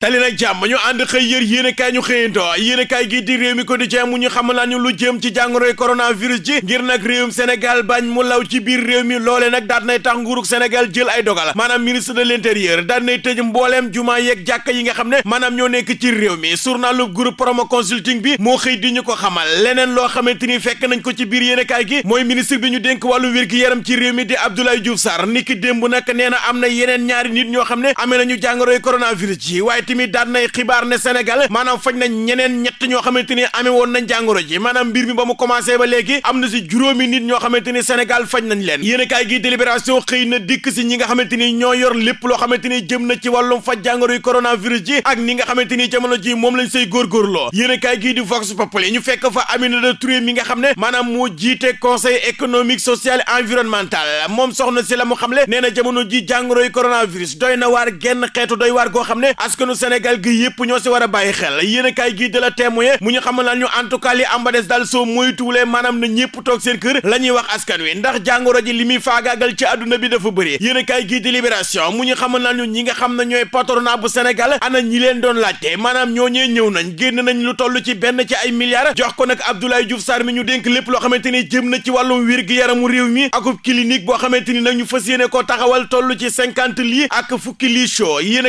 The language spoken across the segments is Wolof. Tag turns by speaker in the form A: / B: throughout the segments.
A: tali nag jàmm ñu ànd xëy yër yéenekaay ñu xëyantoo yéenekaay gi di réew mi quotidien mu ñu xamal ñu lu jëm ci jàngoroy coronavirus ji ngir nag réewum Sénégal bañ mu law ci biir réew mi loole nag daan nay tax nguurug Sénégal jël ay dogal maanaam ministre de l'intérieur daan nay tëj mbooleem jumaa yeeg jàkka yi nga xam ne maanaam ñoo nekk ci réew mi journalu groupe promo consulting bi moo xëy di ñu ko xamal leneen loo xamante ni fekk nañ ko ci biir yéenekaay gi mooy ministre bi ñu dénk wàllu wér-gi-yaram ci réew mi di Abdoulaye Diouf Sarr niki démb nag nee na am na yeneen ñaari nit ñoo xam ne amee nañu jàngoroy coronavirus ji waaye tamit daan nay xibaar ne Sénégal maanaam faj nañ ñeneen ñett ñoo xamante ni amee woon nañ jàngoro ji maanaam mbir mi ba mu commencé ba léegi am na si juróomi nit ñoo xamante ni Sénégal faj nañ leen yéen a kaay gi délibération xëy na dikk si ñi nga xamante ni ñoo yor lépp loo xamante ni jëm na ci wàllum faj jàngoro yi coronavirus ji ak ni nga xamante ni jamono ji moom lañ say góorgóorloo yéen a kaay gii di Vox Populi ñu fekk fa Aminata Touré mi nga xam ne maanaam moo jiite conseil économique social et environnemental moom soxna si la mu xamle nee na jamono ji jàngoro yi doy na waar genn xeetu doy waar xam ne Sénégal gi yëpp ñoo si war a bàyyi xel yéen a kaay gii de la mu ñu xamal lan ñu en tout cas li ambades daal soo moytuwulee maanaam na ñëpp toog seen kër la wax askan wi ndax jàngoro ji li muy faagaagal ci àdduna bi dafa bëri yéen a kaay gii di libération mu ñu xamal lan ñu ñi nga xam ne ñooy patronat bu Sénégal ana ñi leen doon laajte maanaam ñooñee ñëw nañ génn nañ lu toll ci benn ci ay milliards jox ko nag Abdoulaye Diouf mi ñu dénk lépp loo xamante ni jëm na ci wàllum wér gi yaramu réew mi akub clinique boo xamante ni nag ñu fas yéene koo taxawal toll ci cinquante lii ak fukki lii show yéen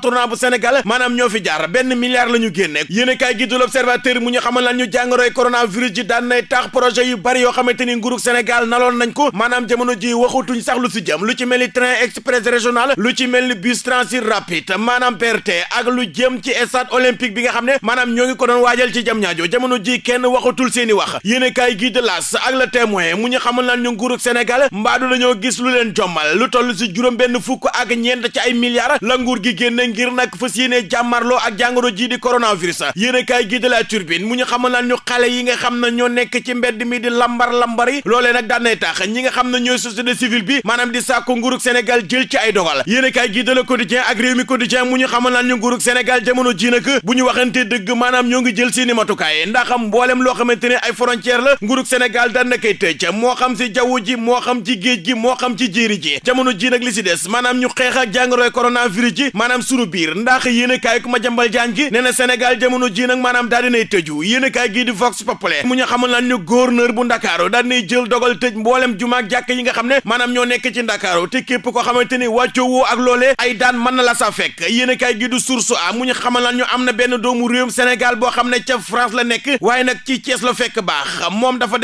A: tournant bu Sénégal maanaam ñoo fi jaar benn milliard la ñu génne yéen a kaay gi du l'observateur mu ñu xamal lan ñu jàngoroy coronavirus ji daan nay tax projet yu bari yoo xamante ni nguurug Sénégal naloon nañ ko maanaam jamono ji waxutuñ sax lu si jëm lu ci mel ni train express régional lu ci mel ni bus transit rapide maanaam BRT ak lu jëm ci stade olympique bi nga xam ne maanaam ñoo ngi ko doon waajal ci jam ñaajo jamono ji kenn waxatul seeni wax yéen kaay gi de las ak le témoin mu ñu xamal lan ñu nguurug Sénégal mbaadu dañoo gis lu leen jommal lu toll si juróom benn fukk ak ñeent ci ay milliards la gi ngir nag fas yéene jàmmarloo ak jàngoro ji di coronavirus yéene kaay gi de la turbine mu ñu xamal ñu xale yi nga xam ne ñoo nekk ci mbedd mi di lambar lambari loolee nag daan nay tax ñi nga xam ne ñooy société civile bi maanaam di sàkku nguurug Sénégal jël ci ay dogal yéene kaay gi de la quotidien ak réew mi quotidien mu ñu xamal naan ñu nguurug Sénégal jamono ji nag bu ñu waxante dëgg maanaam ñoo ngi jël si ni matukaay ndax am mboolem loo xamante ne ay frontière la nguurug Sénégal daan na koy tëj moo xam si jaww ji moo xam ci gi moo xam ci jéeri ji jamono ji nag li si des maanaam ñu xeex ak jàngoroy coronavirus ji sunu biir ndax yéenekaay ku ma jambal jaan gi nee na jamono ji nag maanaam daal dinay tëju yéenekaay gii di Vox Populi mu ñu xamal lan ñu gouverneur bu Ndakaaru daal dinay jël dogal tëj mboolem juma jàkk yi nga xam ne maanaam ñoo nekk ci Ndakaaru te képp koo xamante ni wàccoowoo ak loolee ay daan mën na la sa fekk yéenekaay gii du Source A mu ñu xamal lan ñu am na benn doomu réewum Sénégal boo xam ne ca France la nekk waaye nag ci Thiès la fekk baax moom dafa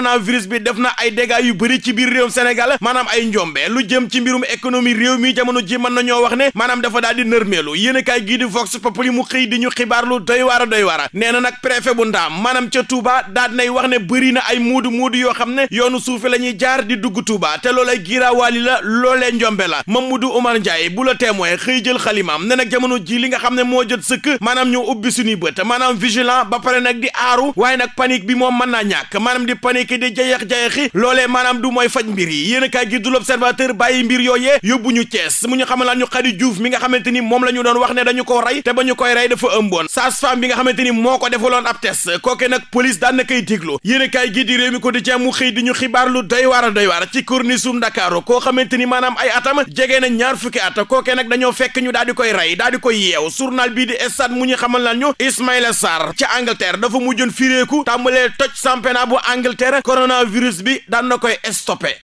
A: coronavirus bi def na ay dégâts yu bëri ci biir réewum Sénégal maanaam ay njombe lu jëm ci mbirum économie réew mi jamono ji mën na ñoo wax ne maanaam dafa daal di nërmeelu yéen a kaay gii di Vox Populi mu xëy di ñu xibaar lu na nag préfet bu ndaam maanaam ca Touba daal nay wax ne bëri na ay muudu muudu yoo xam ne yoonu suufe la ñuy jaar di dugg Touba te loolee giraawaali la loolee njombe la Mamadou Oumar Ndiaye bu la témoin xëy jël xalimaam ne nag jamono ji li nga xam ne moo jot sëkk maanaam ñoo ubbi suñuy bët maanaam vigilant ba pare nag di aaru waaye nag bi moom mën naa ñàkk maanaam nekk di jayax-jayaxi loolee a ñu Cees mu ñu xamal laan ñu Khady Diouf mi nga xamante ni moom la ñu doon wax ne dañu ko rey te ba ñu koy rey dafa ko defaloon ab test kooke nag police daan na koy diglu yéen a kaay réew mi ko di mu xëy di ñu xibaar lu doy waar a doy waar ci corniche Ndakaaru koo xamante maanaam ay atam jegee na ñaar fukki at kooke nag dañoo fekk ñu daal di koy rey daal di koy yeew journal bii di Stades mu ñu xamal laan ñu Ismaïla Sarr ca Angleterre dafa mujjoon firéeku tàmbalee toj championnat bu Angleterre guerre coronavirus bi daan na koy stoppé